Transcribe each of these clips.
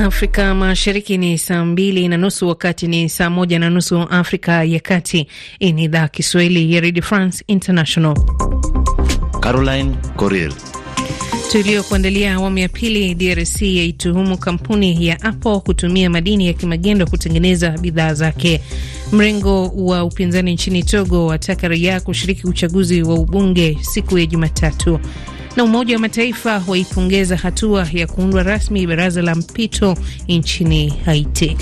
Afrika Mashariki ni saa mbili na nusu, wakati ni saa moja na nusu Afrika ya Kati. Hii ni idhaa Kiswahili ya Redio France International. Caroline Coril tuliokuandalia awamu ya pili. DRC yaituhumu kampuni ya Apple kutumia madini ya kimagendo kutengeneza bidhaa zake. Mrengo wa upinzani nchini Togo wataka raia kushiriki uchaguzi wa ubunge siku ya Jumatatu. Na Umoja wa Mataifa waipongeza hatua ya kuundwa rasmi baraza la mpito nchini Haiti.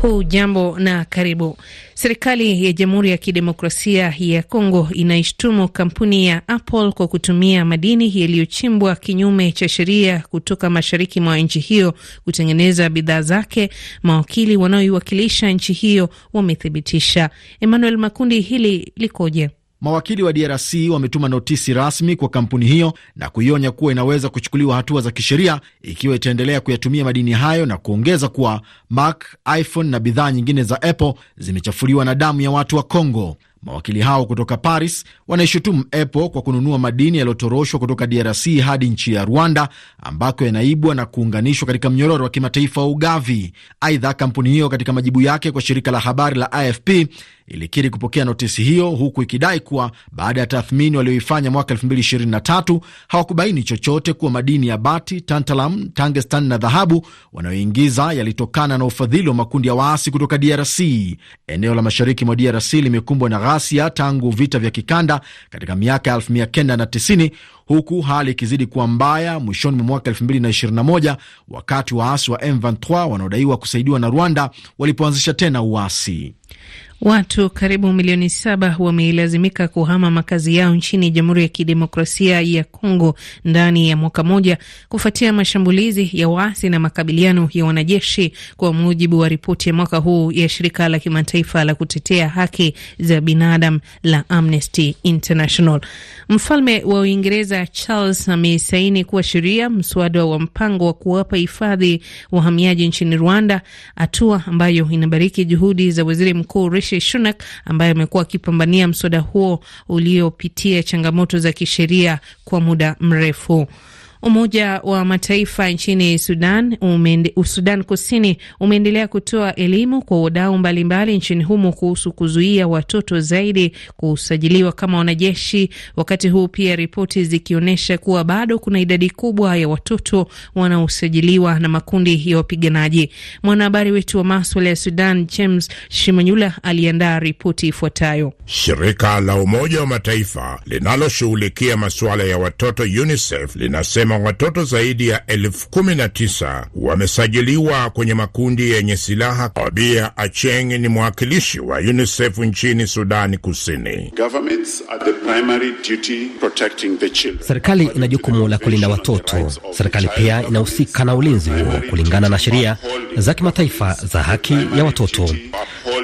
Hujambo na karibu. Serikali ya Jamhuri ya Kidemokrasia ya Kongo inaishtumu kampuni ya Apple kwa kutumia madini yaliyochimbwa kinyume cha sheria kutoka mashariki mwa nchi hiyo kutengeneza bidhaa zake. Mawakili wanaoiwakilisha nchi hiyo wamethibitisha. Emmanuel Makundi, hili likoje? Mawakili wa DRC wametuma notisi rasmi kwa kampuni hiyo na kuionya kuwa inaweza kuchukuliwa hatua za kisheria ikiwa itaendelea kuyatumia madini hayo na kuongeza kuwa Mac, iPhone na bidhaa nyingine za Apple zimechafuliwa na damu ya watu wa Congo. Mawakili hao kutoka Paris wanaishutumu Apple kwa kununua madini yaliyotoroshwa kutoka DRC hadi nchi ya Rwanda ambako yanaibwa na kuunganishwa katika mnyororo wa kimataifa wa ugavi. Aidha, kampuni hiyo katika majibu yake kwa shirika la habari la AFP ilikiri kupokea notisi hiyo huku ikidai kuwa baada ya tathmini walioifanya mwaka 2023 hawakubaini chochote kuwa madini ya bati, tantalam, tangestan na dhahabu wanayoingiza yalitokana na ufadhili wa makundi ya waasi kutoka DRC. Eneo la mashariki mwa DRC limekumbwa na ghasia tangu vita vya kikanda katika miaka ya 1990 huku hali ikizidi kuwa mbaya mwishoni mwa mwaka 2021 wakati waasi wa M23 wanaodaiwa kusaidiwa na Rwanda walipoanzisha tena uasi. Watu karibu milioni saba wamelazimika kuhama makazi yao nchini Jamhuri ya Kidemokrasia ya Kongo ndani ya mwaka moja kufuatia mashambulizi ya waasi na makabiliano ya wanajeshi, kwa mujibu wa ripoti ya mwaka huu ya shirika la kimataifa la kutetea haki za binadamu la Amnesty International. Mfalme wa Uingereza Charles amesaini kuwa sheria mswada wa mpango wa kuwapa hifadhi wahamiaji nchini Rwanda, hatua ambayo inabariki juhudi za waziri mkuu Rishi Sunak ambaye amekuwa akipambania mswada huo uliopitia changamoto za kisheria kwa muda mrefu. Umoja wa Mataifa nchini Sudan, umende, Sudan Kusini umeendelea kutoa elimu kwa wadau mbalimbali nchini humo kuhusu kuzuia watoto zaidi kusajiliwa kama wanajeshi, wakati huu pia ripoti zikionyesha kuwa bado kuna idadi kubwa ya watoto wanaosajiliwa na makundi ya wapiganaji. Mwanahabari wetu wa maswala ya Sudan James Shimanyula aliandaa ripoti ifuatayo. Shirika la Umoja wa Mataifa linaloshughulikia masuala ya watoto UNICEF linasema anasema watoto zaidi ya elfu kumi na tisa wamesajiliwa kwenye makundi yenye silaha. Obia Acheng ni mwakilishi wa UNICEF nchini Sudani Kusini. Serikali ina jukumu la kulinda watoto. Serikali pia inahusika na ulinzi huo kulingana na sheria za kimataifa za haki ya watoto.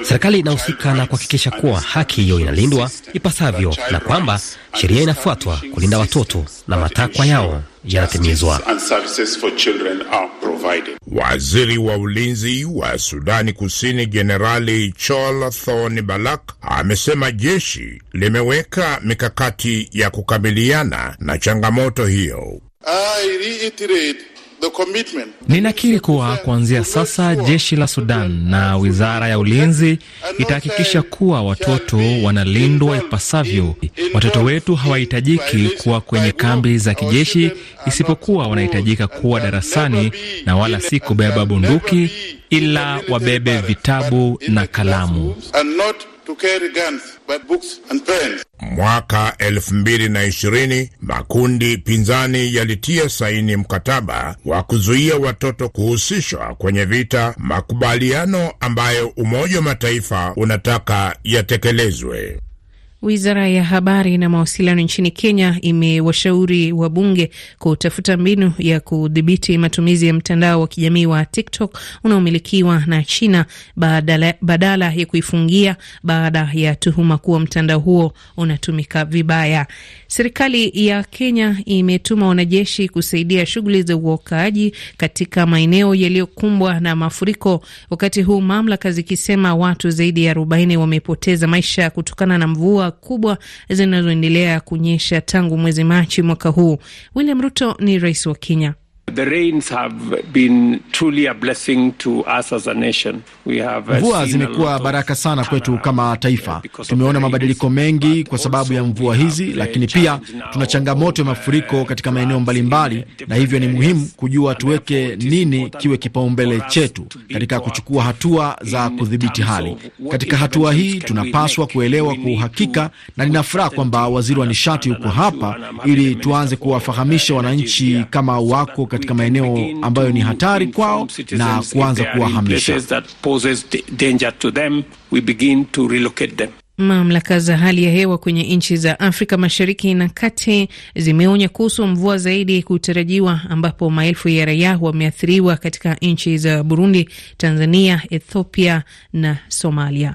Serikali inahusika na kuhakikisha kuwa haki hiyo inalindwa ipasavyo na kwamba sheria inafuatwa kulinda watoto na matakwa yao yanatimizwa. Waziri wa ulinzi wa Sudani Kusini Jenerali Chol Thon Balak amesema jeshi limeweka mikakati ya kukabiliana na changamoto hiyo. I reiterate Ninakiri kuwa kuanzia sasa jeshi la Sudan na wizara ya ulinzi itahakikisha kuwa watoto wanalindwa ipasavyo. Watoto wetu hawahitajiki kuwa kwenye kambi za kijeshi, isipokuwa wanahitajika kuwa darasani na wala si kubeba bunduki, ila wabebe vitabu na kalamu to carry guns, but books and pens. Mwaka elfu mbili na ishirini makundi pinzani yalitia saini mkataba wa kuzuia watoto kuhusishwa kwenye vita, makubaliano ambayo Umoja wa Mataifa unataka yatekelezwe. Wizara ya Habari na Mawasiliano nchini Kenya imewashauri wabunge kutafuta mbinu ya kudhibiti matumizi ya mtandao wa kijamii wa TikTok unaomilikiwa na China badala, badala ya kuifungia baada ya tuhuma kuwa mtandao huo unatumika vibaya. Serikali ya Kenya imetuma wanajeshi kusaidia shughuli za uokoaji katika maeneo yaliyokumbwa na mafuriko, wakati huu mamlaka zikisema watu zaidi ya 40 wamepoteza maisha kutokana na mvua kubwa zinazoendelea kunyesha tangu mwezi Machi mwaka huu. William Ruto ni rais wa Kenya. Uh, mvua zimekuwa baraka sana kwetu kama taifa. Tumeona mabadiliko mengi kwa sababu ya mvua hizi, lakini pia tuna changamoto ya uh, mafuriko katika maeneo mbalimbali, na hivyo ni muhimu kujua tuweke nini kiwe kipaumbele chetu katika kuchukua hatua za kudhibiti hali. Katika hatua hii tunapaswa kuelewa kwa uhakika, na nina furaha kwamba waziri wa nishati yuko hapa ili tuanze uh, kuwafahamisha wananchi kama wako katika maeneo ambayo ni hatari kwao na kuanza kuwahamisha. Mamlaka za hali ya hewa kwenye nchi za Afrika Mashariki na Kati zimeonya kuhusu mvua zaidi kutarajiwa, ambapo maelfu ya raia wameathiriwa katika nchi za Burundi, Tanzania, Ethiopia na Somalia.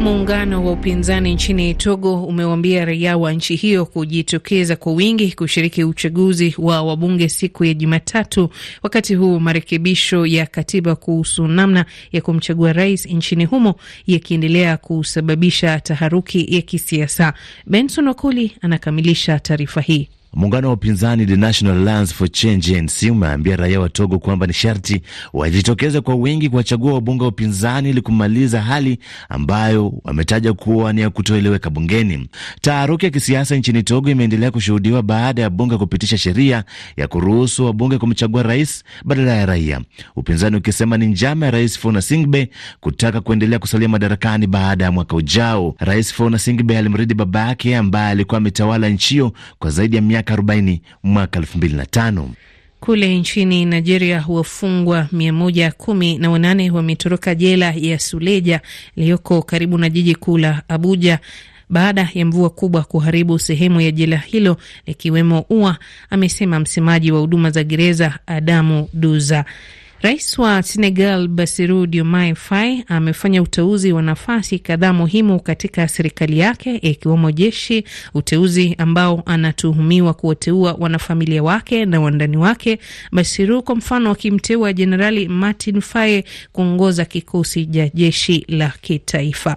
Muungano wa upinzani nchini Togo umewaambia raia wa nchi hiyo kujitokeza kwa wingi kushiriki uchaguzi wa wabunge siku ya Jumatatu, wakati huu marekebisho ya katiba kuhusu namna ya kumchagua rais nchini humo yakiendelea kusababisha taharuki ya kisiasa. Benson Wakoli anakamilisha taarifa hii. Muungano wa upinzani The National Alliance for Change NC umeambia raia wa Togo kwamba ni sharti wajitokeze kwa wingi kuwachagua wabunge wa upinzani ili kumaliza hali ambayo wametaja kuwa ni ya kutoeleweka bungeni. Taharuki ya kisiasa nchini Togo imeendelea kushuhudiwa baada ya bunge kupitisha sheria ya kuruhusu wabunge kumchagua rais badala ya raia, upinzani ukisema ni njama ya Rais Fona Singbe kutaka kuendelea kusalia madarakani baada ya mwaka ujao. Rais Fona Singbe alimridi baba yake ambaye alikuwa ametawala nchi hiyo kwa zaidi ya miaka 40 mwaka 2005. Kule nchini Nigeria, wafungwa 118 wametoroka jela ya Suleja iliyoko karibu na jiji kuu la Abuja baada ya mvua kubwa kuharibu sehemu ya jela hilo likiwemo ua, amesema msemaji wa huduma za gereza Adamu Duza. Rais wa Senegal Bassirou Diomaye Faye amefanya uteuzi wa nafasi kadhaa muhimu katika serikali yake ikiwemo jeshi, uteuzi ambao anatuhumiwa kuwateua wanafamilia wake na wandani wake. Bassirou kwa mfano akimteua Jenerali Martin Faye kuongoza kikosi cha jeshi la kitaifa.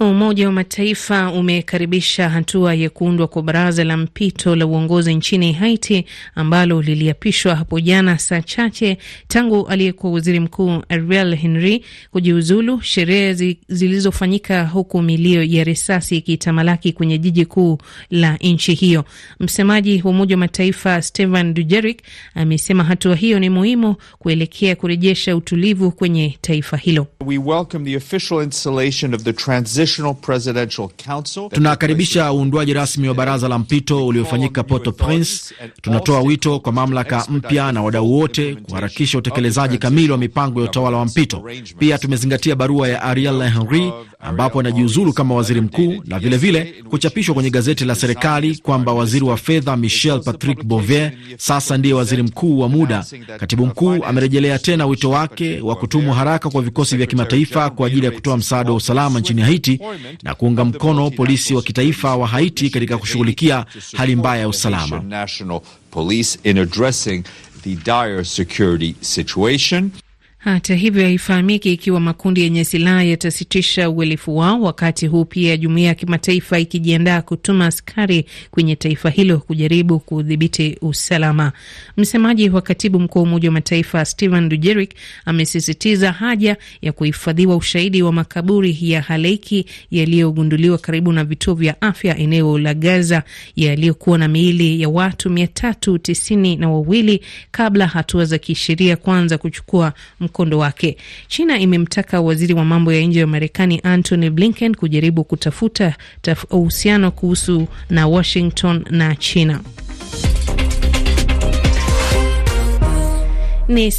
Umoja wa Mataifa umekaribisha hatua ya kuundwa kwa baraza la mpito la uongozi nchini Haiti ambalo liliapishwa hapo jana, saa chache tangu aliyekuwa waziri mkuu Ariel Henry kujiuzulu, sherehe zilizofanyika huku milio ya risasi ikitamalaki kwenye jiji kuu la nchi hiyo. Msemaji wa Umoja wa Mataifa Stephane Dujarric amesema hatua hiyo ni muhimu kuelekea kurejesha utulivu kwenye taifa hilo. We Tunakaribisha uundwaji rasmi wa baraza la mpito uliofanyika porto prince Tunatoa wito kwa mamlaka mpya na wadau wote kuharakisha utekelezaji kamili wa mipango ya utawala wa mpito. Pia tumezingatia barua ya Ariel Henry ambapo anajiuzulu kama waziri mkuu na vilevile kuchapishwa kwenye gazeti la serikali kwamba waziri wa fedha Michel Patrick Bover sasa ndiye waziri mkuu wa muda. Katibu mkuu amerejelea tena wito wake wa kutumwa haraka kwa vikosi vya kimataifa kwa ajili ya kutoa msaada wa usalama nchini Haiti na kuunga mkono polisi wa kitaifa wa Haiti katika kushughulikia hali mbaya ya usalama. Hata hivyo, haifahamiki ikiwa makundi yenye silaha yatasitisha uhalifu wao, wakati huu pia jumuiya ya kimataifa ikijiandaa kutuma askari kwenye taifa hilo kujaribu kudhibiti usalama. Msemaji wa katibu mkuu wa Umoja wa Mataifa Stephane Dujarric amesisitiza haja ya kuhifadhiwa ushahidi wa makaburi ya halaiki yaliyogunduliwa karibu na vituo vya afya eneo la Gaza yaliyokuwa na miili ya watu mia tatu tisini na wawili kabla hatua za kisheria kwanza kuchukua mkondo wake. China imemtaka waziri wa mambo ya nje wa Marekani Antony Blinken kujaribu kutafuta uhusiano kuhusu na Washington na China. Ni